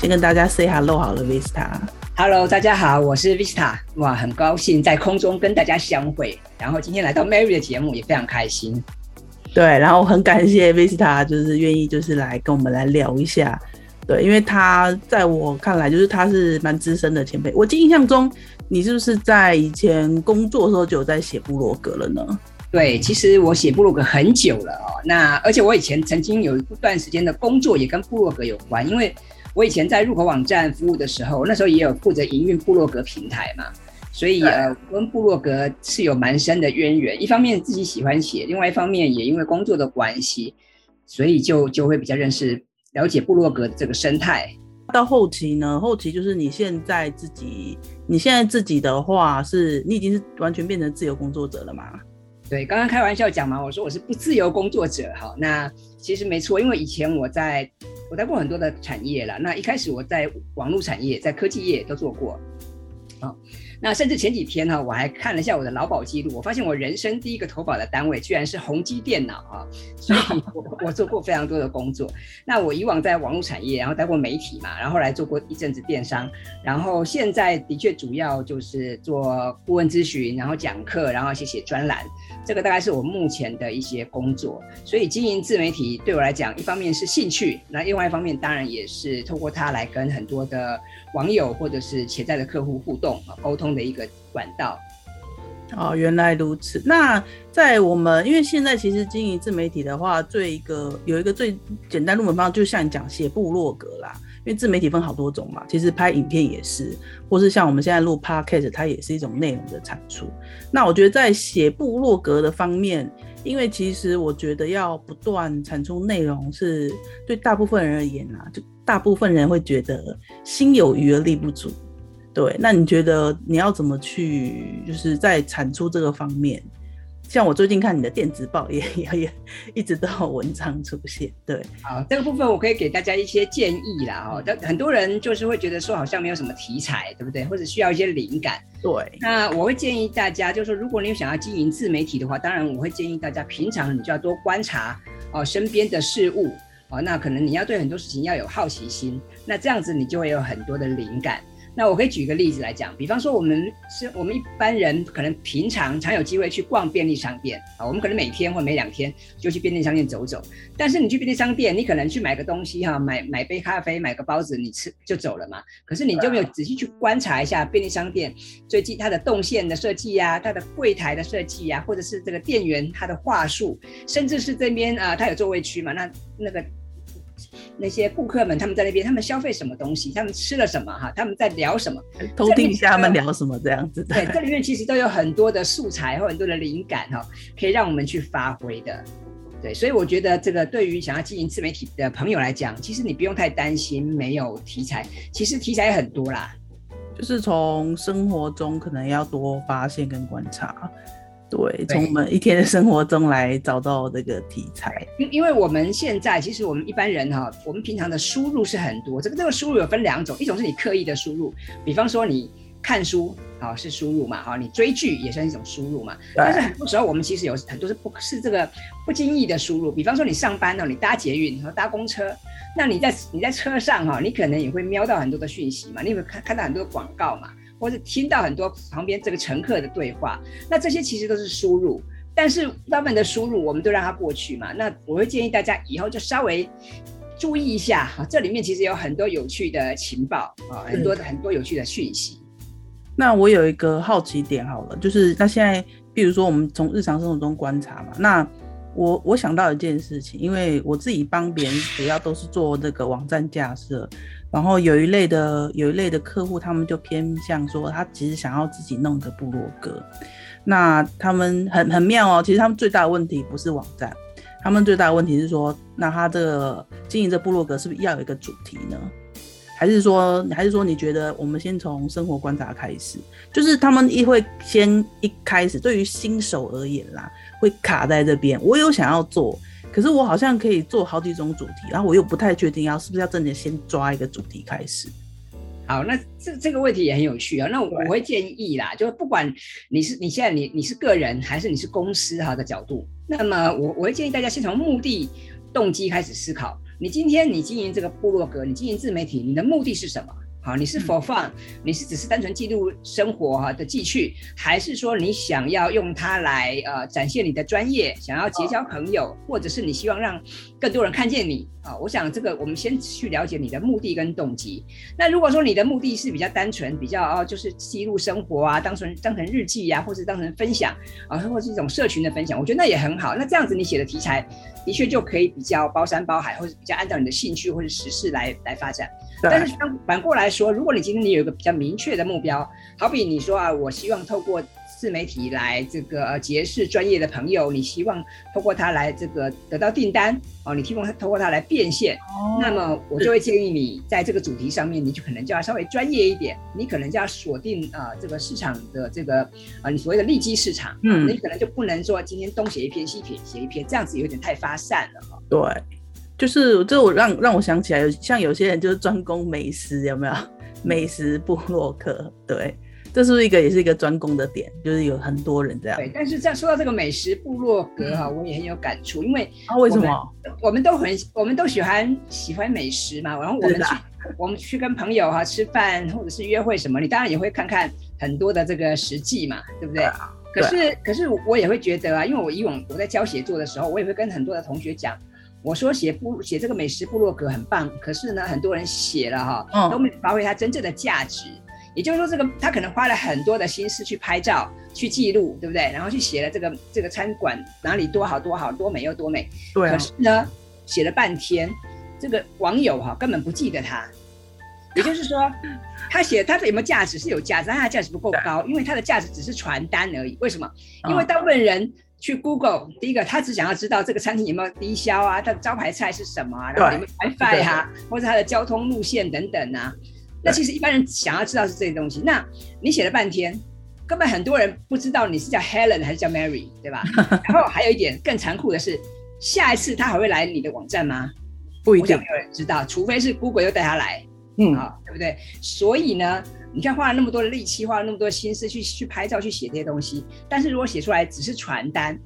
先跟大家 say hello 好了，Vista。Hello，大家好，我是 Vista。哇，很高興在空中跟大家相會，然後今天來到 Mary 的節目，也非常開心。對，然後很感謝 Vista，就是願意就是來跟我們來聊一下。對，因為他在我看來，就是他是蠻資深的前輩。我記印象中，你是不是在以前工作的時候就有在寫部落格了呢？對，其實我寫部落格很久了哦。那而且我以前曾經有一段時間的工作也跟部落格有關，因為。我以前在入口網站服務的時候，那時候也有負責營運部落格平台嘛，所以呃，對跟部落格是有蠻深的淵源。一方面自己喜歡寫，另外一方面也因為工作的關係，所以就就會比較認識、了解部落格的這個生態。到後期呢，後期就是你現在自己，你現在自己的話是，你已經是完全變成自由工作者了嘛？對，剛剛開玩笑講嘛，我說我是不自由工作者好。那其實沒錯，因為以前我在。我待過很多的產業了，那一開始我在網絡產業、在科技業都做過，啊、哦。那甚至前幾天呢、啊，我還看了一下我的勞保記錄，我發現我人生第一個投保的單位居然是宏基電腦啊！所以我我做過非常多的工作。那我以往在網絡產業，然後待過媒體嘛，然後來做過一陣子電商，然後現在的確主要就是做顧問諮詢，然後講課，然後寫寫專欄。這個大概是我目前的一些工作。所以經營自媒體對我來講，一方面是興趣，那另外一方面當然也是透過它來跟很多的。網友或者是潛在的客戶互動、溝通的一個管道。哦，原來如此。那在我們因為現在其實經營自媒體的話，最一個有一個最簡單入門的方法就像你講寫部落格啦。因為自媒體分好多種嘛，其實拍影片也是，或是像我們現在錄 podcast，它也是一種內容的產出。那我覺得在寫部落格的方面，因為其實我覺得要不斷產出內容是，是對大部分人而言啦、啊。就。大部分人會覺得心有餘而力不足，對。那你覺得你要怎麼去，就是在產出這個方面？像我最近看你的電子報也，也也一直都有文章出現，對。好，這個部分我可以給大家一些建議啦。哦，但很多人就是會覺得說，好像沒有什麼題材，對不對？或者需要一些靈感。對。那我會建議大家，就是說如果你想要經營自媒體的話，當然我會建議大家，平常你就要多觀察哦，身邊的事物。哦，那可能你要對很多事情要有好奇心，那這樣子你就會有很多的靈感。那我可以舉一個例子來講，比方說我們是我們一般人可能平常常有機會去逛便利商店啊，我們可能每天或每兩天就去便利商店走走。但是你去便利商店，你可能去買個東西哈，買買杯咖啡，買個包子，你吃就走了嘛。可是你就沒有仔細去觀察一下便利商店最近它的動線的設計呀，它的櫃檯的設計呀，或者是這個店員他的話術，甚至是這邊啊，它有座位區嘛，那那個。那些顧客們，他們在那邊，他們消費什麼東西，他們吃了什麼哈，他們在聊什麼，偷聽一下他們聊什麼，這樣子。對，對這裡面其實都有很多的素材和很多的靈感哈，可以讓我們去發揮的。對，所以我覺得這個對於想要經營自媒體的朋友來講，其實你不用太擔心沒有題材，其實題材也很多啦，就是從生活中可能要多發現跟觀察。對，從我們一天的生活中來找到這個題材。因因為我們現在其實我們一般人哈、啊，我們平常的輸入是很多。這個這個輸入有分兩種，一種是你刻意的輸入，比方說你看書啊是輸入嘛，哈，你追劇也是一種輸入嘛。對但是很多時候我們其實有很多是不，是這個不經意的輸入。比方說你上班哦、啊，你搭捷運和搭公車，那你在你在車上哈、啊，你可能也會瞄到很多的訊息嘛，你有看看到很多的廣告嘛。或是聽到很多旁邊這個乘客的對話，那這些其實都是輸入，但是他們的輸入我們都讓它過去嘛。那我會建議大家以後就稍微注意一下，哦，這裡面其實有很多有趣的情報啊，很多的很多有趣的訊息。嗯，那我有一個好奇點好了，就是那現在比如說我們從日常生活中觀察嘛，那。我我想到一件事情，因為我自己幫別人主要都是做這個網站架設，然後有一類的有一類的客戶，他們就偏向說，他其實想要自己弄個部落格，那他們很很妙哦，其實他們最大的問題不是網站，他們最大的問題是說，那他這個經營的部落格是不是要有一個主題呢？還是說，還是說，你覺得我們先從生活觀察開始？就是他們一會先一開始，對於新手而言啦，會卡在這邊。我有想要做，可是我好像可以做好幾種主題，然後我又不太確定，要是不是要真的先抓一個主題開始。好，那這這個問題也很有趣啊。那我會建議啦，對就不管你是你現在你你是個人還是你是公司哈的角度，那麼我我會建議大家先從目的動機開始思考。你今天你經營這個部落格，你經營自媒體，你的目的是什麼？好，你是 for fun，嗯？你是只是單純記錄生活哈的記趣，還是說你想要用它來呃展現你的專業，想要結交朋友，哦，或者是你希望讓？更多人看見你啊！我想這個，我們先去了解你的目的跟動機。那如果說你的目的是比較單純，比較啊，就是記錄生活啊，當成當成日記呀、啊，或是當成分享啊，或是一種社群的分享，我覺得那也很好。那這樣子你寫的題材，的確就可以比較包山包海，或者比較按照你的興趣或者時事來來發展。對但是反反過來說，如果你今天你有一個比較明確的目標，好比你說啊，我希望透過。自媒體來這個結識專業的朋友，你希望透過他來這個得到訂單哦，你希望他通過他來變現。哦，那麼我就會建議你在這個主題上面，你就可能就要稍微專業一點，你可能就要鎖定啊這個市場的這個啊你所謂的利基市場。嗯，你可能就不能說今天東寫一篇，西寫一篇，這樣子有點太發散了。對，就是這我讓讓我想起來，像有些人就是專攻美食，有沒有美食部落客？對。這是一個也是一個專攻的點，就是有很多人這樣。對，但是這樣說到這個美食部落格哈，嗯、我也很有感觸，因為啊，為什麼？我們都很，我們都喜歡喜歡美食嘛。然後我們去吧我們去跟朋友哈吃飯，或者是約會什麼，你當然也會看看很多的這個食記嘛，對不對？啊對啊、可是可是我也會覺得啊，因為我以往我在教寫作的時候，我也會跟很多的同學講，我說寫部寫這個美食部落格很棒，可是呢，很多人寫了哈，都沒發揮它真正的價值。嗯也就是說，這個他可能花了很多的心思去拍照、去記錄，對不對？然後去寫了這個這個餐館哪裡多好多好多美又多美。對、啊。可是呢，寫了半天，這個網友哈、啊、根本不記得他。也就是說，他寫他的有沒有價值是有價值，但他的價值不夠高，對因為他的價值只是傳單而已。為什麼？因為大部分人去 Google，、嗯、第一個他只想要知道這個餐廳有沒有低消啊，它的招牌菜是什麼啊，對然後有沒有 WiFi 啊，對對對或者它的交通路線等等啊。那其實一般人想要知道是這些東西，那你寫了半天，根本很多人不知道你是叫 Helen 還是叫 Mary，對吧？ 然後還有一點更殘酷的是，下一次他還會來你的網站嗎？不一定，沒有人知道，除非是 Google 又帶他來。嗯，好，對不對？所以呢，你看花了那麼多的力氣，花了那麼多心思去去拍照、去寫這些東西，但是如果寫出來只是傳單。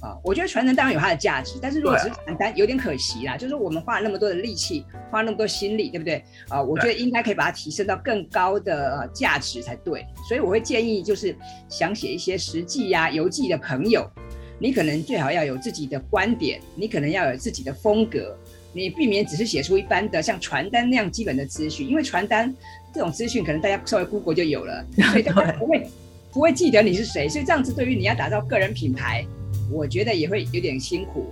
啊、呃，我覺得傳單當然有它的價值，但是如果只是傳單，啊、有點可惜啦。就是我們花了那麼多的力氣，花了那麼多心力，對不對？啊、呃，我覺得應該可以把它提升到更高的、呃、價值才對。所以我會建議，就是想寫一些食記呀、啊、遊記的朋友，你可能最好要有自己的觀點，你可能要有自己的風格，你避免只是寫出一般的像傳單那樣基本的資訊。因為傳單這種資訊，可能大家稍微 Google 就有了，所以大家不會對不會記得你是誰。所以這樣子，對於你要打造個人品牌。我覺得也會有點辛苦，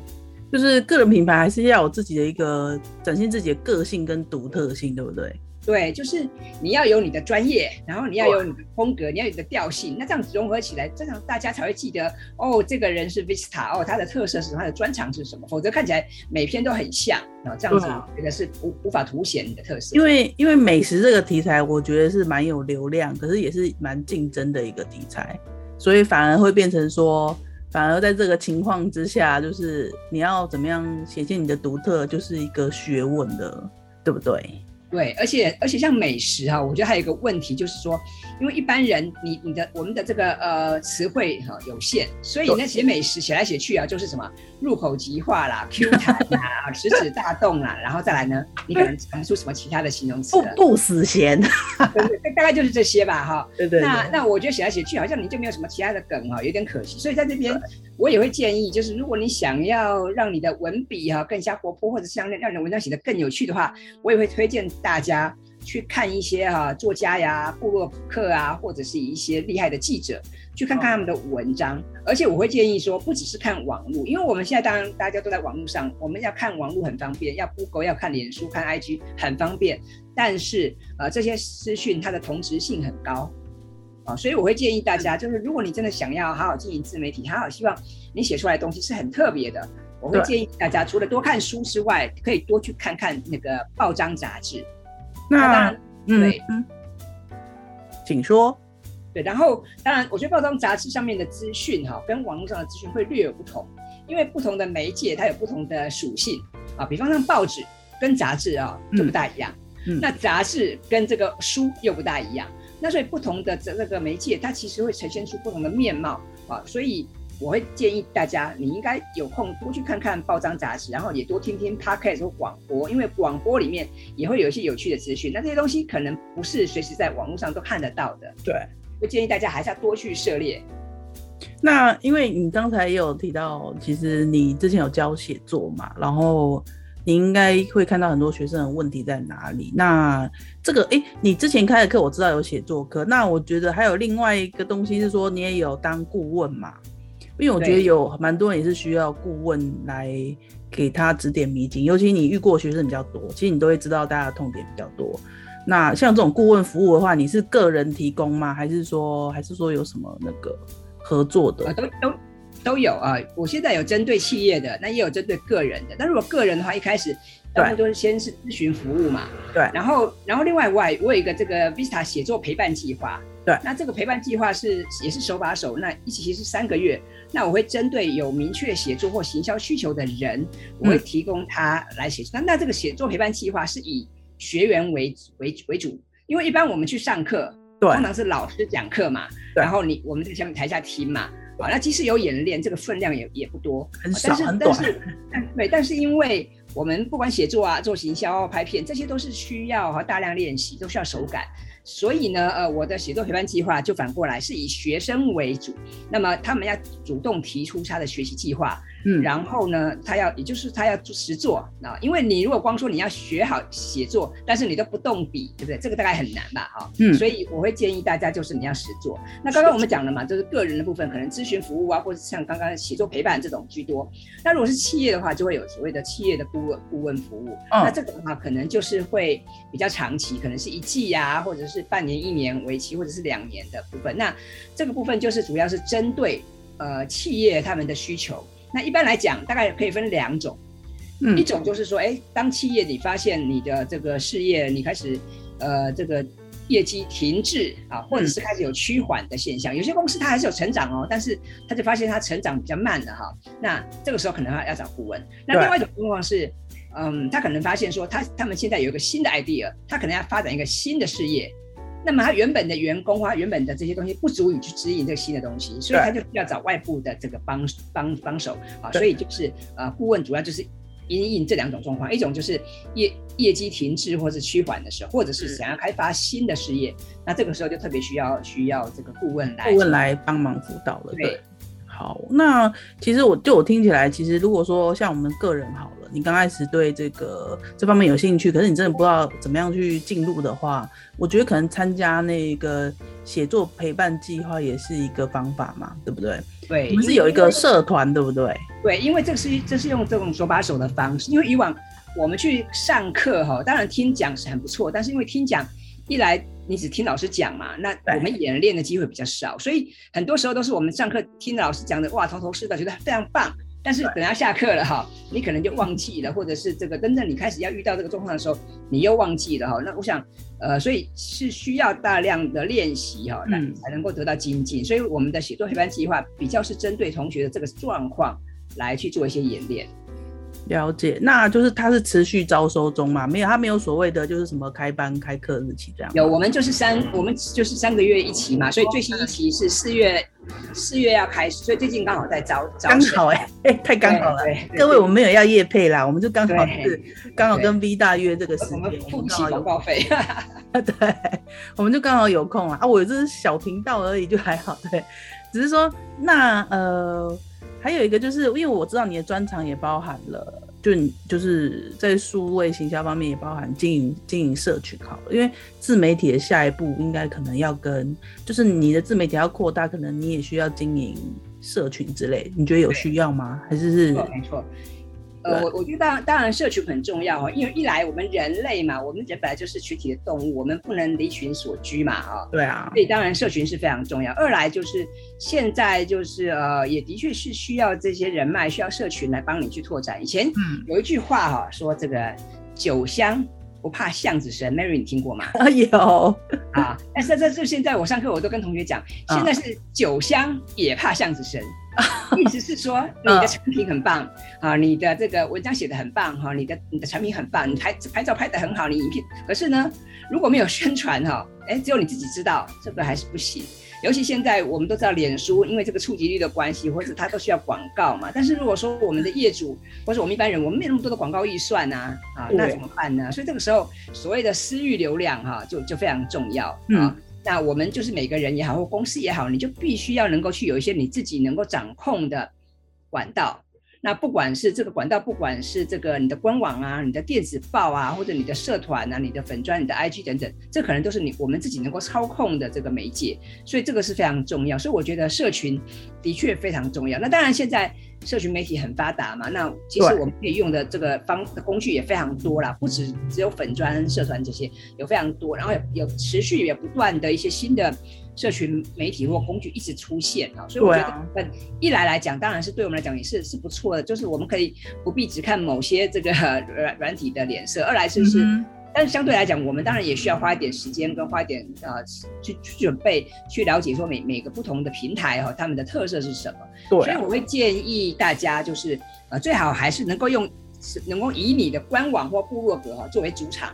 就是個人品牌還是要有自己的一個展現自己的個性跟獨特性，對不對？對，就是你要有你的專業，然後你要有你的風格，哇你要有你的調性，那這樣子融合起來，這樣大家才會記得哦，這個人是 Vista 哦，他的特色是他的專長是什麼，否則看起來每篇都很像，然後，喔，這樣子我覺得是無哇無法凸顯你的特色。因為因為美食這個題材，我覺得是蠻有流量，可是也是蠻競爭的一個題材，所以反而會變成說，反而在這個情況之下，就是你要怎麼樣顯現你的獨特，就是一個學問了，對不對？對，而且而且像美食哈、啊，我覺得還有一個問題就是說，因為一般人你你的我們的這個呃詞彙哈有限，所以那些美食寫來寫去啊，就是什麼入口即化啦、Q 彈啦、食指 大動啦，然後再來呢，你可能講不出什麼其他的形容詞、哦？不死鹹 對不對，大概就是這些吧哈。對對。那那我覺得寫來寫去好像你就沒有什麼其他的梗哈、哦，有點可惜。所以在這邊。我也會建議，就是如果你想要讓你的文筆哈、啊、更加活潑，或者像讓讓你的文章寫得更有趣的話，我也會推薦大家去看一些哈、啊、作家呀，部落客啊，或者是一些厲害的記者，去看看他們的文章。而且我會建議說，不只是看網絡，因為我們現在當然大家都在網絡上，我們要看網絡很方便，要 Google 要看臉書、看 IG 很方便，但是呃這些資訊它的同質性很高。所以我會建議大家，就是如果你真的想要好好經營自媒體，好好希望你寫出來的東西是很特別的。我會建議大家，除了多看書之外，可以多去看看那個報章雜誌。那當然，對，嗯嗯、請說。對，然後當然，我覺得報章雜誌上面的資訊哈、哦，跟網絡上的資訊會略有不同，因為不同的媒介它有不同的屬性啊。比方像報紙跟雜誌啊、哦、就不大一樣，嗯嗯、那雜誌跟這個書又不大一樣。那所以不同的這那個媒介，它其實會呈現出不同的面貌啊。所以我會建議大家，你應該有空多去看看報章雜誌，然後也多聽聽 Podcast 或廣播，因為廣播裡面也會有一些有趣的資訊。那這些東西可能不是隨時在網絡上都看得到的，對。我建議大家還是要多去涉獵。那因為你剛才也有提到，其實你之前有教寫作嘛，然後。你應該會看到很多學生的問題在哪裡。那這個，哎、欸，你之前開的課我知道有寫作課，那我覺得還有另外一個東西是說，你也有當顧問嘛？因為我覺得有蠻多人也是需要顧問來給他指點迷津，尤其你遇過學生比較多，其實你都會知道大家的痛點比較多。那像這種顧問服務的話，你是個人提供嗎？還是說，還是說有什麼那個合作的？都有啊，我現在有針對企業的，那也有針對個人的。但如果個人的話，一開始，當然都是先是諮詢服務嘛。對。然後，然後另外我還我有一個這個 Vista 寫作陪伴計劃。對。那這個陪伴計劃是也是手把手，那一期是三個月。那我會針對有明確寫作或行銷需求的人，我會提供他來寫作。那、嗯、那這個寫作陪伴計劃是以學員為為為主，因為一般我們去上課，對，通常是老師講課嘛。對。對。然後你我們在前面台下聽嘛。好，那即使有演練，這個分量也也不多，很少，但是，很短，但是，但對，但是因為我們不管寫作啊、做行銷、拍片，這些都是需要和大量練習，都需要手感。所以呢，呃，我的寫作陪伴計劃就反過來是以學生為主，那麼他們要主動提出他的學習計劃。嗯、然後呢，他要也就是他要實作啊，哦，因為你如果光說你要學好寫作，但是你都不動筆，對不對？這個大概很難吧，哈，哦。嗯，所以我會建議大家就是你要實作。那剛剛我們講了嘛，就是個人的部分可能諮詢服務啊，或者像剛剛寫作陪伴這種居多。那如果是企業的話，就會有所謂的企業的顧問顧問服務。哦，那這個的話，可能就是會比較長期，可能是一季啊，或者是半年、一年為期，或者是兩年的部分。那這個部分就是主要是針對呃企業他們的需求。那一般來講，大概可以分兩種，嗯、一種就是說，哎，當企業你發現你的這個事業你開始，呃，這個業績停滯啊，或者是開始有趨緩的現象，嗯、有些公司它還是有成長哦，但是他就發現它成長比較慢了哈、哦。那這個時候可能要要找顧問。那另外一種情況是，對嗯，他可能發現說，他他們現在有一個新的 idea，他可能要發展一個新的事業。那麼他原本的員工，他原本的這些東西不足以去指引這個新的東西，所以他就要找外部的這個幫幫幫手啊。對所以就是呃，顧問主要就是因應這兩種狀況，一種就是業業績停滯或是趨緩的時候，或者是想要開發新的事業，嗯、那這個時候就特別需要需要這個顧問來顧問來幫忙輔導了。對。好，那其實我就我聽起來，其實如果說像我們個人好了，你剛開始對這個這方面有興趣，可是你真的不知道怎麼樣去進入的話，我覺得可能參加那個寫作陪伴計劃也是一個方法嘛，對不對？對，我們是有一個社團，因為對不對？對，因為這個是這是用這種手把手的方式，因為以往我們去上課哈，當然聽講是很不錯，但是因為聽講一來。你只聽老師講嘛，那我們演練的機會比較少，對所以很多時候都是我們上課聽老師講的，哇，頭頭是道，覺得非常棒。但是等下下課了哈，對你可能就忘記了，或者是這個，真正你開始要遇到這個狀況的時候，你又忘記了哈。那我想，呃，所以是需要大量的練習哈，那、嗯、才能夠得到精進。所以我們的寫作陪伴計畫比較是針對同學的這個狀況來去做一些演練。了解，那就是他是持續招收中嘛？沒有，他沒有所謂的就是什麼開班開課日期這樣。有，我們就是三，我們就是三個月一期嘛，所以最新一期是四月，四月要開始，所以最近剛好在招，剛好哎、欸，哎、欸，太剛好了。對對對對各位，我們沒有要業配啦，我們就剛好、就是剛好跟 V 大約這個時間，我們付起廣告費。 對，我們就剛好有空啊。啊，我這是小頻道而已，就還好。對，只是說那呃。還有一個，就是因為我知道你的專長也包含了，就你就是在數位行銷方面也包含經營經營社群好，因為自媒體的下一步應該可能要跟，就是你的自媒體要擴大，可能你也需要經營社群之類，你覺得有需要嗎？對還是是？沒錯。我我覺得當當然社群很重要啊，因為一來我們人類嘛，我們人本來就是群體的動物，我們不能離群索居嘛啊。對啊。所以當然社群是非常重要。二來就是現在就是呃，也的確是需要這些人脈，需要社群來幫你去拓展。以前有一句話哈，說這個酒香。不怕巷子深，Mary，你聽過嗎？啊，有啊，但是但是現在我上課我都跟同學講，現在是酒香也怕巷子深啊，意思是說你的產品很棒啊，你的這個文章寫得很棒哈，你的你的產品很棒，你拍拍照拍得很好，你影片，可是呢如果沒有宣傳哈，哎，只有你自己知道，這個還是不行。尤其現在我們都知道，臉書因為這個觸及率的關係，或者它都需要廣告嘛。但是如果說我們的業主或者我們一般人，我們沒有那麼多的廣告預算吶、啊，對啊，那怎麼辦呢？所以這個時候，所謂的私域流量哈、啊，就就非常重要啊。嗯、那我們就是每個人也好，或公司也好，你就必須要能夠去有一些你自己能夠掌控的管道。那不管是這個管道，不管是這個你的官網啊、你的電子報啊，或者你的社團啊、你的粉專、你的 IG 等等，這可能都是你我們自己能夠操控的這個媒介，所以這個是非常重要。所以我覺得社群的確非常重要。那當然現在社群媒體很發達嘛，那其實我們可以用的這個方的工具也非常多啦，不止只有粉專、社團這些，有非常多，然後有有持續也不斷的一些新的。社群媒體或工具一直出現啊，所以我覺得，一來來講，當然是對我們來講也是是不錯的，就是我們可以不必只看某些這個軟軟體的臉色；二來就是，是，嗯哼，但是相對來講，我們當然也需要花一點時間跟花一點呃去去準備去了解說每每個不同的平台哈，呃、他們的特色是什麼。對、啊，所以我會建議大家就是呃，最好還是能夠用，能夠以你的官網或部落格、呃、作為主場，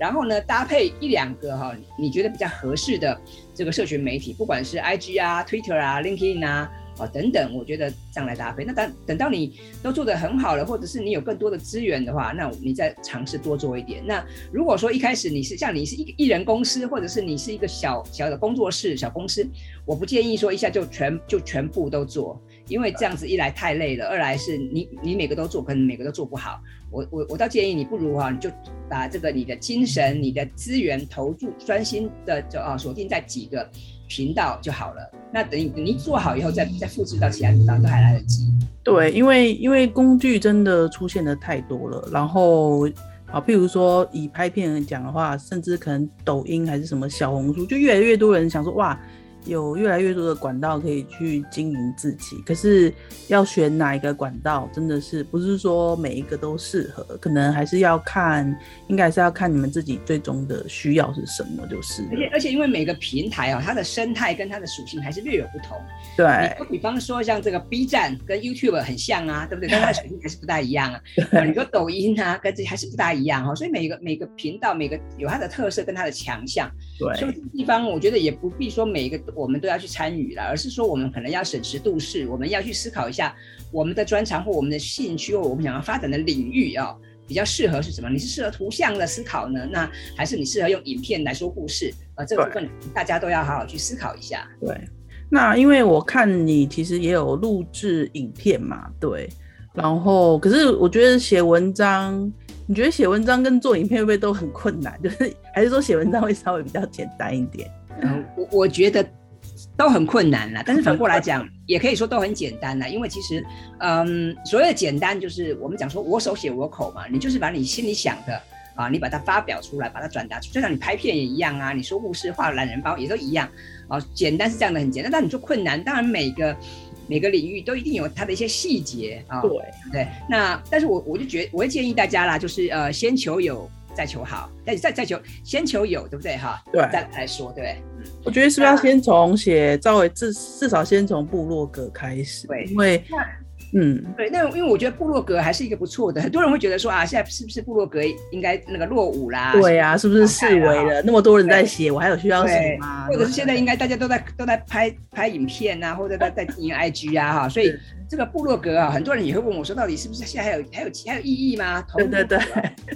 然後呢，搭配一兩個哈，你覺得比較合適的這個社群媒體，不管是 IG 啊、Twitter 啊、LinkedIn 啊。啊、哦，等等，我覺得這樣來搭配。那等等到你都做得很好了，或者是你有更多的資源的話，那你再嘗試多做一點。那如果說一開始你是像你是一個一人公司，或者是你是一個小小的工作室、小公司，我不建議說一下就全就全部都做，因為這樣子一來太累了，二來是你你每個都做，可能每個都做不好。我我我倒建議你，不如哈、啊，你就把這個你的精神、嗯、你的資源投注專心的，就啊鎖定在幾個。頻道就好了，那等於你做好以後再，再再複製到其他地方都還來得及。對，因為因為工具真的出現的太多了，然後啊，譬如說以拍片來講的話，甚至可能抖音還是什麼小紅書，就越來越多人想說哇。有越來越多的管道可以去經營自己，可是要選哪一個管道，真的是不是說每一個都適合？可能還是要看，應該還是要看你們自己最終的需要是什麼，就是。而且而且，因為每個平台啊，它的生態跟它的屬性還是略有不同。對。比方說像這個 B 站跟 YouTube 很像啊，對不對？但它的屬性還是不大一樣啊。 你說抖音啊，跟這還是不大一樣哈。所以每個每個頻道，每個有它的特色跟它的強項。對。所以這個地方，我覺得也不必說每一個。我們都要去參與了，而是說我們可能要審時度勢，我們要去思考一下我們的專長或我們的興趣或我們想要發展的領域哦，比較適合是什麼？你是適合圖像的思考呢，那還是你適合用影片來說故事？呃，這個部分大家都要好好去思考一下。對。那因為我看你其實也有錄制影片嘛，對。然後，可是我覺得寫文章，你覺得寫文章跟做影片會不會都很困難？就是還是說寫文章會稍微比較簡單一點？嗯，我我覺得。都很困難啦，但是反過來講，也可以說都很簡單啦。因為其實，嗯，所謂的簡單，就是我們講說“我手寫我口”嘛，你就是把你心裡想的啊，你把它發表出來，把它轉達出。就像你拍片也一樣啊，你說故事畫懶人包也都一樣啊。簡單是這樣的，很簡單。但你說困難，當然每個每個領域都一定有它的一些細節啊。對對。那但是我我就覺得，我會建議大家啦，就是呃，先求有，再求好。那再再求，先求有，對不對哈？對，再來說。對，我覺得是不是要先從寫趙偉至至少先從部落格開始？對，因為嗯，對，那因為我覺得部落格還是一個不錯的。很多人會覺得說啊，現在是不是部落格應該那個落伍啦？對啊，是不是式微了？那麼多人在寫，我還有需要寫嗎？或者是現在應該大家都在都在拍拍影片啊，或者在在經營 IG 啊哈？所以這個部落格啊，很多人也會問我說，到底是不是現在還有還有還有意義嗎？對對對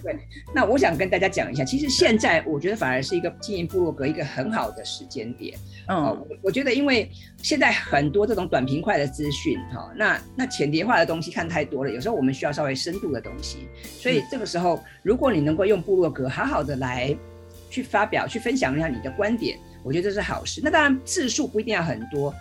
對，那我想跟大家講。其實現在我覺得反而是一個經營部落格一個很好的時間點。嗯、哦，我覺得因為現在很多這種短平快的資訊，哈、哦，那那淺碟化的東西看太多了，有時候我們需要稍微深度的東西。所以這個時候，如果你能夠用部落格好好的來去發表、去分享一下你的觀點，我覺得這是好事。那當然字數不一定要很多。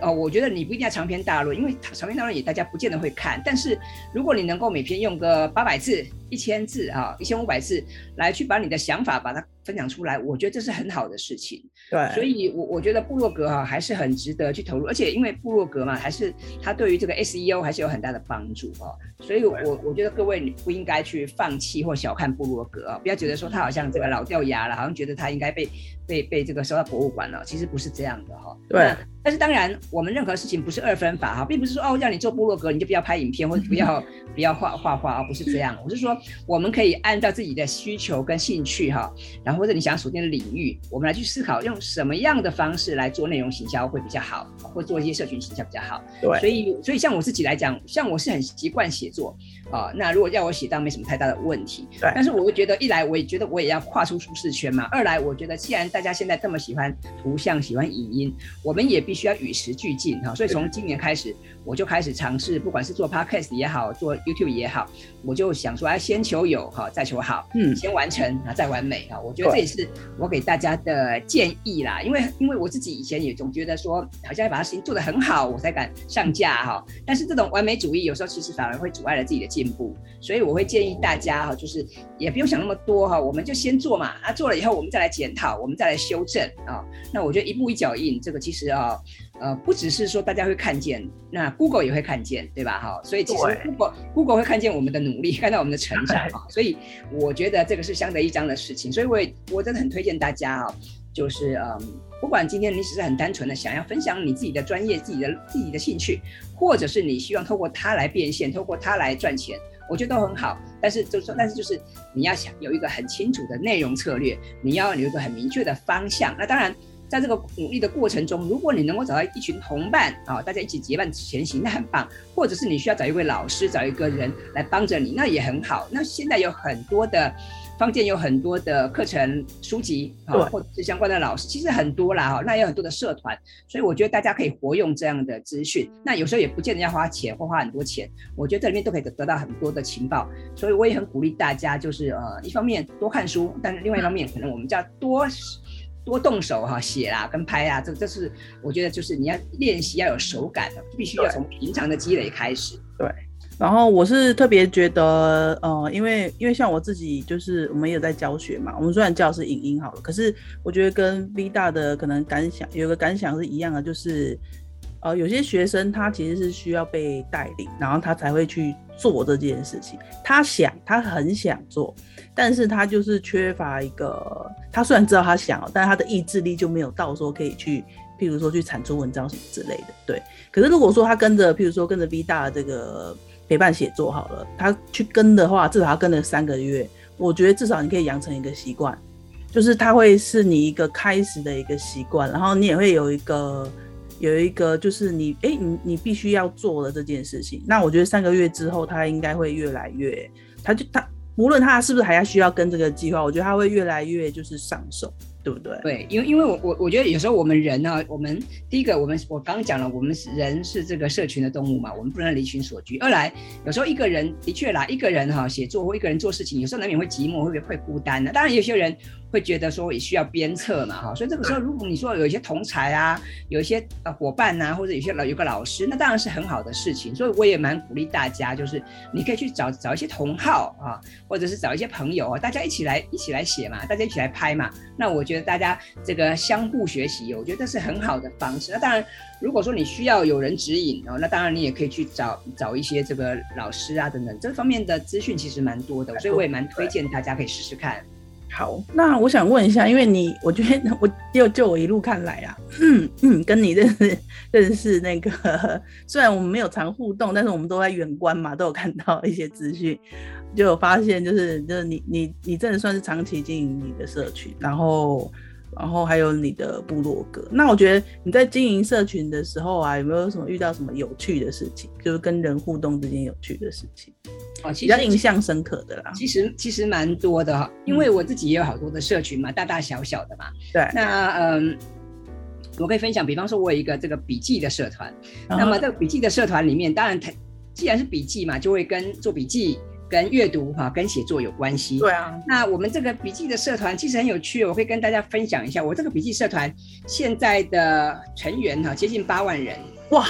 哦，我覺得你不一定要長篇大論，因為長篇大論也大家不見得會看。但是如果你能夠每篇用個八百字、一千字啊、一千五百字來去把你的想法把它分享出來，我覺得這是很好的事情。對，所以我我覺得部落格哈、啊、還是很值得去投入，而且因為部落格嘛，還是它對於這個 SEO 還是有很大的幫助哦、啊。所以我，我對我覺得各位不應該去放棄或小看部落格、啊、不要覺得說他好像這個老掉牙了，對好像覺得他應該被被被這個收到博物館了、啊。其實不是這樣的哈、啊。對、嗯。但是當然，我們任何事情不是二分法哈、啊，並不是說哦讓你做部落格你就不要拍影片或者不要 不要畫畫畫啊，不是這樣。我是說，我們可以按照自己的需求跟興趣哈、啊，然後或者你想要鎖定的領域，我們來去思考用。什麼樣的方式來做內容行銷會比較好，或做一些社群行銷比較好？對，所以所以像我自己來講，像我是很習慣寫作啊、呃，那如果要我寫，倒沒什麼太大的問題。對，但是我會覺得，一來我也覺得我也要跨出舒適圈嘛；二來我覺得，既然大家現在這麼喜歡圖像、喜歡影音，我們也必須要與時俱進哈、呃，所以從今年開始，我就開始嘗試，不管是做 podcast 也好，做 YouTube 也好，我就想說，要先求有哈，再求好；嗯，先完成啊，再完美啊、呃。我覺得這也是我給大家的建議。啦，因為因為我自己以前也總覺得說，好像要把事情做得很好，我才敢上架哈。但是這種完美主義有時候其實反而會阻礙了自己的進步，所以我會建議大家哈，就是也不用想那麼多哈，我們就先做嘛。啊，做了以後我們再來檢討，我們再來修正啊。那我覺得一步一腳印，這個其實啊，呃，不只是說大家會看見，那 Google 也會看見，對吧？哈，所以其實 Google 對 Google 會看見我們的努力，看到我們的成長啊，所以我覺得這個是相得益彰的事情，所以我也我真的很推薦大家就是，嗯，不管今天你只是很單純的想要分享你自己的專業、自己的自己的興趣，或者是你希望透過它來變現、透過它來賺錢，我覺得都很好。但是就是說，但是就是你要想有一個很清楚的內容策略，你要有一個很明確的方向。那當然，在這個努力的過程中，如果你能夠找到一群同伴啊、哦，大家一起結伴前行，那很棒；或者是你需要找一位老師，找一個人來幫着你，那也很好。那現在有很多的。坊間有很多的課程書籍啊，吧或者是相關的老師，其實很多啦。哈，那也有很多的社團，所以我覺得大家可以活用這樣的資訊。那有時候也不見得要花錢或花很多錢，我覺得這裡面都可以得得到很多的情報。所以我也很鼓勵大家，就是呃，一方面多看書，但是另外一方面可能我們就要多多動手哈，寫啊跟拍啊，這這是我覺得就是你要練習要有手感的，必須要從平常的積累開始。對，對。然後我是特別覺得，呃，因為因為像我自己就是我們也有在教學嘛，我們雖然教是影音好了，可是我覺得跟 V 大的可能感想有一個感想是一樣的，就是，呃，有些學生他其實是需要被帶領，然後他才會去做這件事情。他想，他很想做，但是他就是缺乏一個，他雖然知道他想，但他的意志力就沒有到說可以去，譬如說去產出文章什麼之類的。對，可是如果說他跟着，譬如說跟着 V 大的這個。陪伴寫作好了，他去跟的話，至少要跟了三個月。我覺得至少你可以養成一個習慣，就是他會是你一個開始的一個習慣，然後你也會有一個有一個，就是你誒你你必須要做的這件事情。那我覺得三個月之後，他應該會越來越，他就他無論他是不是還要需要跟這個計劃，我覺得他會越來越就是上手。對不對？對，因為因為我我我覺得有時候我們人呢、啊，我們第一個，我們我剛剛講了，我們人是這個社群的動物嘛，我們不能離群索居。二來，有時候一個人的確啦，一個人哈、啊、寫作或一個人做事情，有時候難免會寂寞，會不會、會孤單呢、啊。當然，有些人會覺得說也需要鞭策嘛，哈，所以這個時候，如果你說有一些同儕啊，有一些呃夥伴吶、啊，或者有些老有個老師，那當然是很好的事情。所以我也蠻鼓勵大家，就是你可以去找找一些同好啊，或者是找一些朋友，啊，大家一起來一起來寫嘛，大家一起來拍嘛，那我覺。覺得大家這個相互學習，我覺得這是很好的方式。那當然，如果說你需要有人指引哦，那當然你也可以去找找一些這個老師啊等等，這方面的資訊其實蠻多的，所以我也蠻推薦大家可以試試看。好，那我想問一下，因為你，我覺得我，就就我一路看來啊，嗯嗯，跟你認識認識那個，雖然我們沒有常互動，但是我們都在遠觀嘛，都有看到一些資訊，就有發現，就是，就是就是你你你真的算是長期經營你的社群，然後然後還有你的部落格。那我覺得你在經營社群的時候啊，有沒有什麼遇到什麼有趣的事情？就是跟人互動之間有趣的事情。哦，其實比較印象深刻的啦。其實其實蠻多的哈，因為我自己也有好多的社群嘛，大大小小的嘛。對、嗯。那嗯，我可以分享，比方說，我有一個這個筆記的社團。嗯、那麼這個筆記的社團裡面，當然它既然是筆記嘛，就會跟做筆記、跟閱讀哈、啊、跟寫作有關係。對啊。那我們這個筆記的社團其實很有趣，哦，我可以跟大家分享一下。我這個筆記社團現在的成員哈、啊，接近八萬人。哇。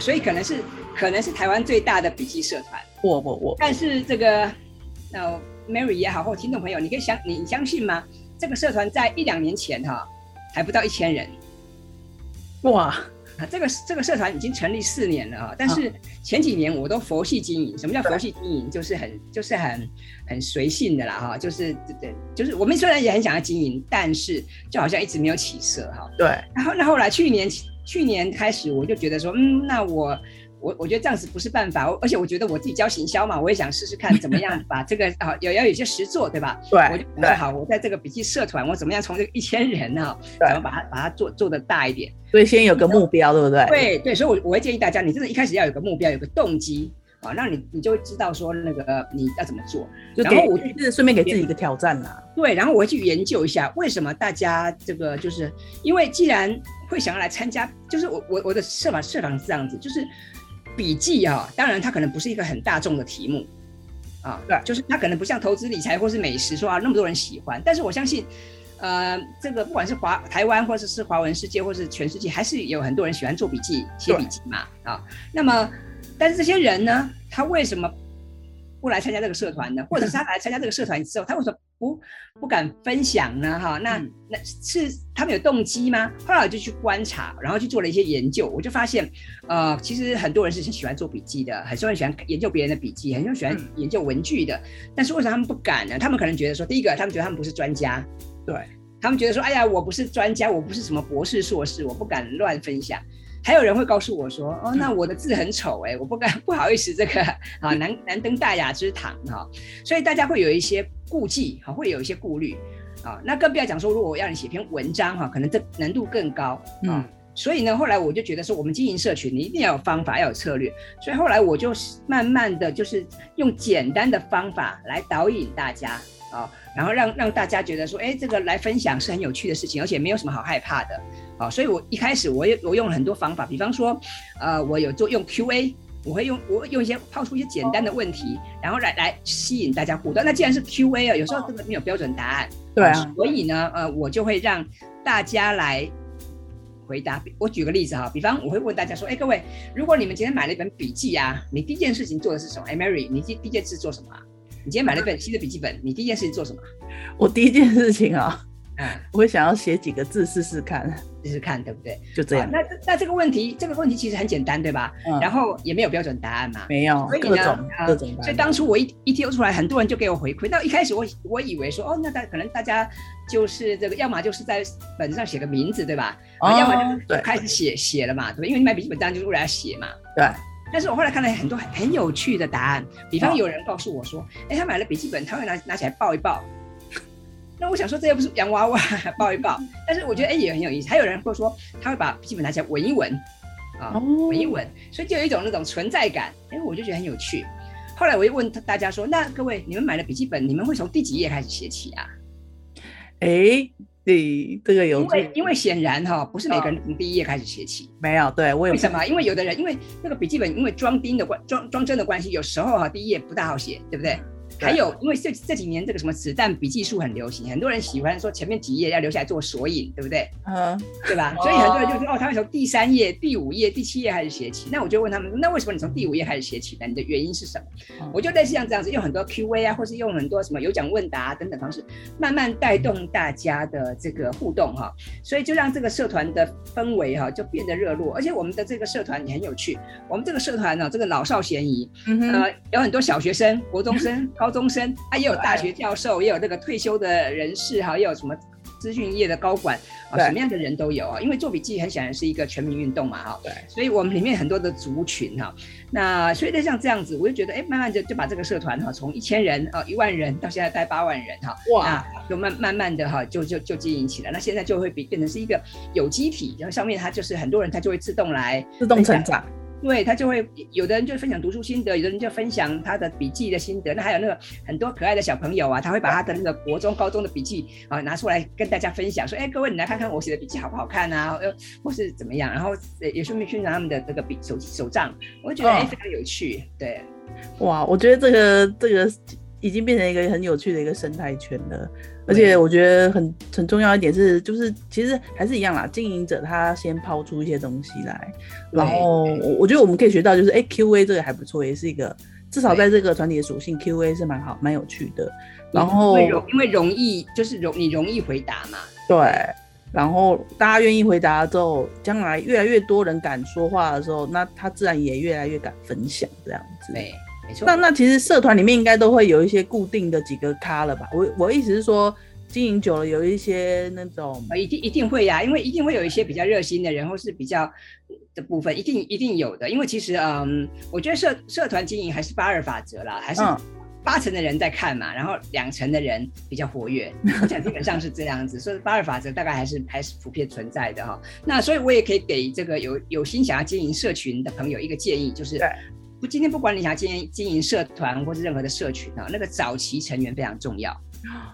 所以可能是可能是台灣最大的筆記社團，我我我。但是這個，那、哦、Mary 也好或聽眾朋友，你可以相你相信嗎？這個社團在一兩年前哈、哦，還不到一千人。哇！啊，這個這個社團已經成立四年了啊，但是前幾年我都佛系經營，什麼叫佛系經營？對就是很就是很很隨性的啦哈，就是對對，就是我們雖然也很想要經營，但是就好像一直沒有起色哈。對。然後，那後來去年去年開始，我就覺得說，嗯，那我。我我覺得這樣子不是辦法，而且我覺得我自己教行銷嘛，我也想試試看怎麼樣把這個啊，要 有，有些實作，對吧？對，我就好，我在這個筆記社團，我怎麼樣從這個一千人啊，然後對把它把它做做的大一點，所以先有個目標，對不後對？對對，所以我，我我會建議大家，你真的一開始要有個目標，有個動機啊，那你你就會知道說那個你要怎麼做，給然後我就是順便給自己一個挑戰啦，對，然後我會去研究一下為什麼大家這個就是因為既然會想要來參加，就是我我我的設法設法是這樣子，就是。筆記啊，當然它可能不是一個很大眾的題目，啊，對，就是它可能不像投資理財或是美食說啊那麼多人喜歡，但是我相信，呃，這個不管是華台灣或者是，是華文世界或是全世界，還是有很多人喜歡做筆記、寫筆記嘛，對啊，那麼但是這些人呢，他為什麼不來參加這個社團呢？或者是他來參加這個社團之後，他為什麼？不不敢分享呢，哈、哦，那那是他們有動機嗎後來我就去觀察，然後去做了一些研究，我就發現，呃，其實很多人是很喜歡做筆記的，很多人喜歡研究別人的筆記，很多人喜歡研究文具的，嗯、但是為什麼他們不敢呢？他們可能覺得說，第一個，他們覺得他們不是專家，對，他們覺得說，哎呀，我不是專家，我不是什麼博士、碩士，我不敢亂分享。還有人會告訴我說：“哦，那我的字很醜哎，我不敢，不好意思，這個啊難難登大雅之堂哈。啊”所以大家會有一些顧忌哈、啊，會有一些顧慮啊。那更不要講說，如果我要你寫篇文章哈、啊，可能這難度更高啊。嗯、所以呢，後來我就覺得說，我們經營社群，你一定要有方法，要有策略。所以後來我就慢慢的就是用簡單的方法來導引大家啊，然後讓讓大家覺得說，哎、欸，這個來分享是很有趣的事情，而且沒有什麼好害怕的。所以我一開始，我用我用了很多方法，比方說，呃，我有做用 Q A，我會用我會用一些拋出一些簡單的問題，哦、然後來來吸引大家互動。那既然是 Q A 啊，有時候根本沒有標準答案，哦、對啊，所以呢，呃，我就會讓大家來回答。我舉個例子哈，比方我會問大家說，哎，各位，如果你們今天買了一本筆記啊，你第一件事情做的是什麼？哎，Mary，你第第一件事做什麼？你今天買了一本新的筆記本，你第一件事情做什麼？我第一件事情啊。我會想要寫幾個字試試看，試試看，對不對？就這樣。那那這個問題，這個問題其實很簡單，對吧？然後也沒有標準答案嘛。沒有。各種各種。所以當初我一一貼出來，很多人就給我回饋。那一開始我我以為說，哦，那大可能大家就是這個，要麼就是在本子上寫個名字，對吧？哦。要麼就是開始寫寫了嘛，對吧？因為你買筆記本當然就是為了寫嘛。對。但是我後來看了很多很有趣的答案，比方有人告訴我說，哎，他買了筆記本，他會拿拿起來抱一抱。那我想說，這又不是洋娃娃抱一抱，但是我覺得哎、欸、也很有意思。還有人會說，他會把筆記本拿起來聞一聞，啊、哦，聞、oh. 一聞，所以就有一種那種存在感。哎、欸，我就覺得很有趣。後來我又問大家說，那各位你們買的筆記本，你們會從第幾頁開始寫起啊？哎、欸，這個有因為因為顯然哈、哦，不是每個人從第一頁開始寫起。沒有，對，為什麼？因為有的人因為那個筆記本因為裝訂的，的關裝裝幀的關係，有時候哈第一頁不大好寫，對不對？還有，因為這這幾年這個什麼子彈筆記術很流行，很多人喜歡說前面幾頁要留下來做索引，對不對？嗯、uh，huh. 對吧？所以很多人就說、uh huh. 哦，他會從第三頁、第五頁、第七頁開始寫起。那我就問他們，那為什麼你從第五頁開始寫起呢？你的原因是什麼？Uh huh. 我就在像這樣子用很多 Q&A 啊，或是用很多什麼有獎問答、啊、等等方式，慢慢帶動大家的這個互動哈、啊。所以就讓這個社團的氛圍哈、啊、就變得熱絡，而且我們的這個社團也很有趣。我們這個社團呢、啊，這個老少咸宜，uh huh. 呃，有很多小學生、國中生、高、uh。Huh. 高中生、啊、也有大學教授，也有那個退休的人士哈、啊，也有什麼資訊業的高管啊，對什麼樣的人都有啊。因為做筆記很顯然是一個全民運動嘛哈、啊，對，所以我們裡面很多的族群哈、啊，那所以像這樣子，我就覺得哎、欸，慢慢就就把這個社團哈，從、啊、一千人呃、啊，一萬人到現在帶八萬人哈，啊、哇、啊，就慢慢慢的哈、啊，就就就經營起來，那現在就會變變成是一個有機體，然後上面它就是很多人，它就會自動來自動成長。對，他就會，有的人就分享讀書心得，有的人就分享他的筆記的心得。那還有那個很多可愛的小朋友啊，他會把他的那個國中、高中的筆記啊拿出來跟大家分享，說：“哎，各位你來看看我寫的筆記好不好看啊？”或是怎麼樣？然後也順便去拿他們的那個筆、手、手賬。我覺得、哦、誒非常有趣。對，哇，我覺得這個這個已經變成一個很有趣的一個生態圈了。而且我覺得很很重要一點是，就是其實還是一樣啦。經營者他先拋出一些東西來，然後我覺得我們可以學到就是，哎、欸，QA 這個還不錯，也是一個至少在這個團體的屬性，QA 是蠻好、蠻有趣的。然後因為，因為容易，就是容你容易回答嘛。對。然後大家願意回答之後，將來越來越多人敢說話的時候，那他自然也越來越敢分享這樣子。對。那那其實社團裡面應該都會有一些固定的幾個咖了吧？我我意思是說，經營久了有一些那種，一定一定會呀、啊，因為一定會有一些比較熱心的人，或是比較的部分，一定一定有的。因為其實嗯，我覺得社社團經營還是八二法則啦，還是八成的人在看嘛，嗯、然後兩成的人比較活躍，我想 基本上是這樣子，所以八二法則大概還是還是普遍存在的哈、喔。那所以我也可以給這個有有心想要經營社群的朋友一個建議，就是。不，今天不管你想要經營經營社團，或是任何的社群啊，那個早期成員非常重要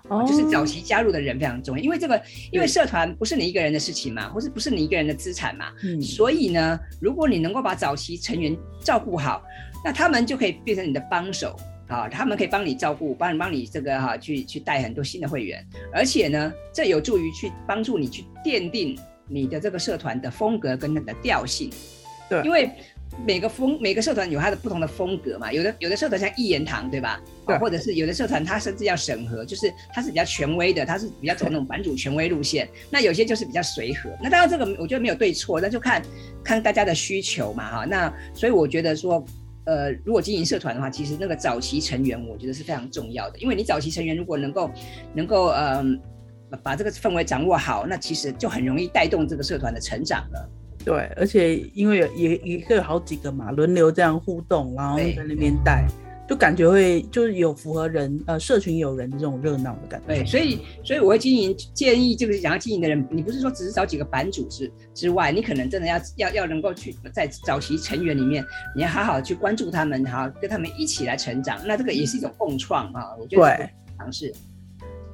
，oh. 啊，就是早期加入的人非常重要，因為這個，因為社團不是你一個人的事情嘛，Yeah. 或是不是你一個人的資產嘛，嗯，hmm. 所以呢，如果你能夠把早期成員照顧好，那他們就可以變成你的幫手啊，他們可以幫你照顧，幫你幫你這個哈、啊，去去帶很多新的會員，而且呢，這有助於去幫助你去奠定你的這個社團的風格跟那個調性，對，Yeah. 因為。每個風每個社團有它的不同的風格嘛，有的有的社團像一言堂對吧？對，或者是有的社團它甚至要審核，就是它是比較權威的，它是比較走那種版主權威路線。那有些就是比較隨和。那當然這個我覺得沒有對錯，那就看看大家的需求嘛哈。那所以我覺得說，呃，如果經營社團的話，其實那個早期成員我覺得是非常重要的，因為你早期成員如果能夠能夠呃把這個氛圍掌握好，那其實就很容易帶動這個社團的成長了。對，而且因為也也可以有好幾個嘛，輪流這樣互動，然後在那邊帶，就感覺會就是有符合人呃社群有人的這種熱鬧的感覺。所以所以我會經營建議，就是想要經營的人，你不是說只是找幾個版主之之外，你可能真的要要要能夠去在早期成員裡面，你要好好去關注他們，然後跟他們一起來成長，那這個也是一種共創啊、嗯哦，我覺得嘗試。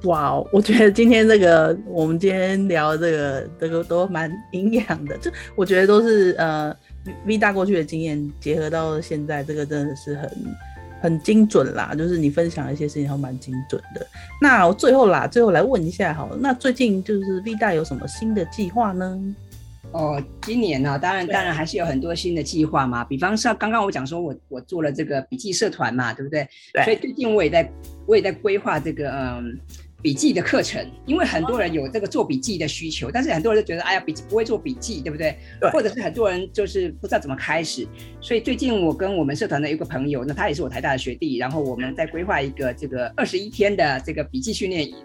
哇、wow, 我覺得今天這個，我們今天聊這個，這個都蠻營養的。就我覺得都是呃，V 大過去的經驗結合到現在，這個真的是很很精準啦。就是你分享一些事情，還蠻精準的。那最後啦，最後來問一下好了，那最近就是 V 大有什麼新的計劃呢？哦，今年呢、啊，當然當然還是有很多新的計劃嘛。對比方像剛剛我講說我我做了這個筆記社團嘛，對不對？對。所以最近我也在我也在規劃這個嗯。筆記的課程，因為很多人有這個做筆記的需求，oh. 但是很多人就覺得，哎呀，筆記不會做筆記，對不對？對。或者是很多人就是不知道怎麼開始，所以最近我跟我們社團的一個朋友，那他也是我台大的學弟，然後我們在規劃一個這個二十一天的這個筆記訓練營。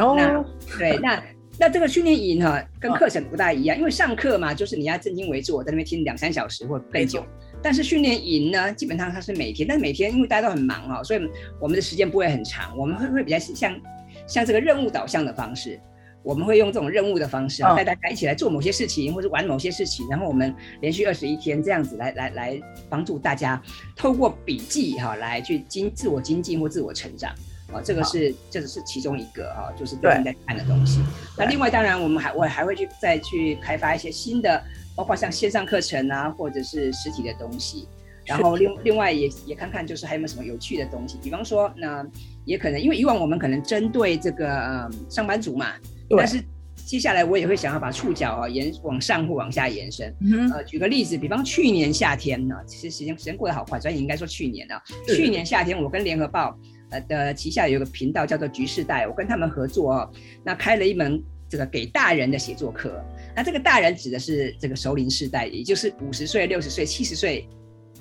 Oh. 哦那。對，那那這個訓練營哈、啊，跟課程不大一樣，oh. 因為上課嘛，就是你要正襟危坐，我在那邊聽兩三小時或更久。久對。但是訓練營呢，基本上它是每天，但每天因為大家都很忙哈、哦，所以我們的時間不會很長，我們會不會比較像。像這個任務導向的方式，我們會用這種任務的方式啊，帶大家一起來做某些事情，oh. 或者玩某些事情，然後我們連續二十一天這樣子來來來幫助大家透過筆記哈、啊、來去經自我精進或自我成長啊，這個是、oh. 這只是其中一個哈、啊，就是大家在看的東西。對那另外當然我們還我還會去再去開發一些新的，包括像線上課程啊，或者是實體的東西。然後另另外也也看看，就是還有沒有什麼有趣的東西？比方說，呢、呃，也可能因為以往我們可能針對這個、呃、上班族嘛，對但是接下來我也會想要把觸角啊、哦、延往上或往下延伸。嗯、哼呃，舉個例子，比方去年夏天呢、啊，其實時間時間過得好快，所以應該說去年啊。對去年夏天我跟聯合報呃的旗下有一個頻道叫做“局世代”，我跟他們合作、哦、那開了一門這個給大人的寫作課。那這個大人指的是這個熟齡世代，也就是五十歲、六十歲、七十歲。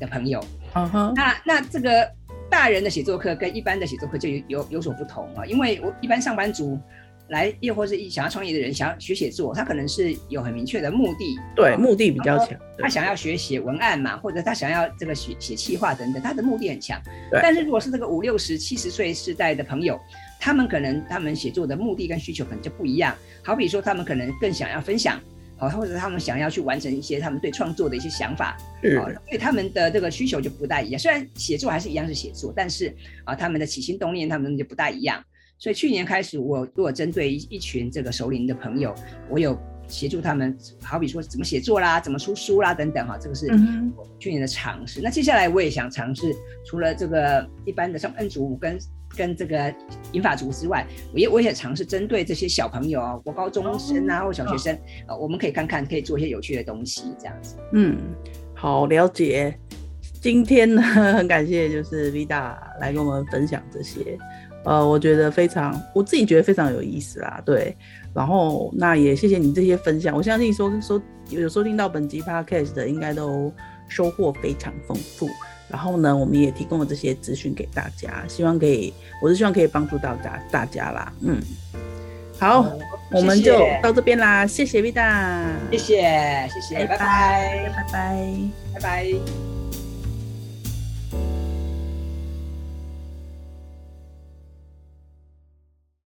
的朋友，uh huh. 那那這個大人的寫作課跟一般的寫作課就有有，有所不同啊，因為我一般上班族來，又或是一想要創業的人，想要學寫作，他可能是有很明確的目的，對，啊、目的比較強，他想要學寫文案嘛，對或者他想要這個寫寫企劃等等，他的目的很強。對但是如果是這個五六十、七十歲世代的朋友，他們可能他們寫作的目的跟需求可能就不一樣，好比說他們可能更想要分享。好，或者他們想要去完成一些他們對創作的一些想法，啊、嗯哦，所以他們的這個需求就不大一樣。雖然寫作還是一樣是寫作，但是啊、哦，他們的起心動念他們就不大一樣。所以去年開始，我如果針對一一群這個熟齡的朋友，我有協助他們，好比說怎麼寫作啦，怎麼出書啦等等哈、哦，這個是去年的嘗試。嗯、哼那接下來我也想嘗試，除了這個一般的像 N 組五跟。跟這個銀髮族之外，我也我也嘗試針對這些小朋友啊，國高中生啊，或小學生，呃，我們可以看看，可以做一些有趣的東西，這樣子。嗯，好，了解。今天呢，很感謝就是 V 大來跟我們分享這些，呃，我覺得非常，我自己覺得非常有意思啦。對。然後那也謝謝你這些分享，我相信收收有收聽到本集 Podcast 的，應該都收穫非常豐富。然後呢，我們也提供了這些資訊給大家，希望可以，我是希望可以幫助到大家大家啦。嗯，好，嗯、謝謝我們就到這邊啦，謝謝 Vista 謝謝，謝謝，哎、拜拜，拜拜，拜拜。拜拜